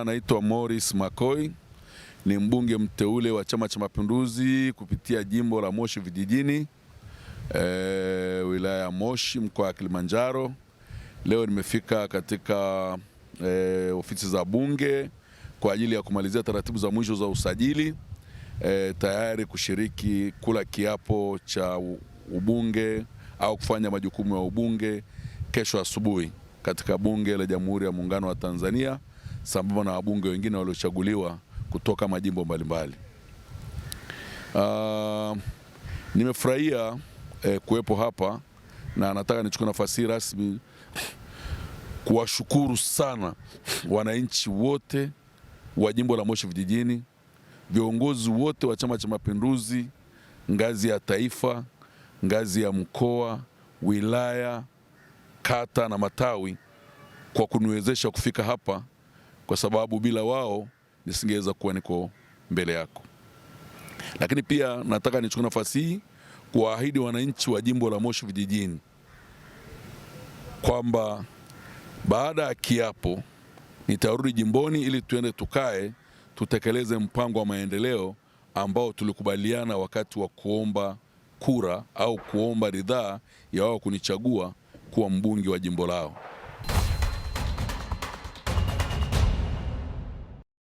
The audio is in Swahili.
Anaitwa Morris Makoi ni mbunge mteule wa Chama cha Mapinduzi kupitia jimbo la Moshi Vijijini, e, wilaya ya Moshi, mkoa wa Kilimanjaro. Leo nimefika katika e, ofisi za Bunge kwa ajili ya kumalizia taratibu za mwisho za usajili e, tayari kushiriki kula kiapo cha ubunge au kufanya majukumu ya ubunge kesho asubuhi katika Bunge la Jamhuri ya Muungano wa Tanzania sambamba na wabunge wengine waliochaguliwa kutoka majimbo mbalimbali. Uh, nimefurahia eh, kuwepo hapa na nataka nichukue nafasi hii rasmi kuwashukuru sana wananchi wote wa jimbo la Moshi Vijijini, viongozi wote wa Chama cha Mapinduzi ngazi ya taifa, ngazi ya mkoa, wilaya, kata na matawi kwa kuniwezesha kufika hapa kwa sababu bila wao nisingeweza kuwa niko mbele yako. Lakini pia nataka nichukue nafasi hii kuwaahidi wananchi wa jimbo la Moshi Vijijini kwamba baada ya kiapo nitarudi jimboni ili tuende tukae tutekeleze mpango wa maendeleo ambao tulikubaliana wakati wa kuomba kura au kuomba ridhaa ya wao kunichagua kuwa mbunge wa jimbo lao.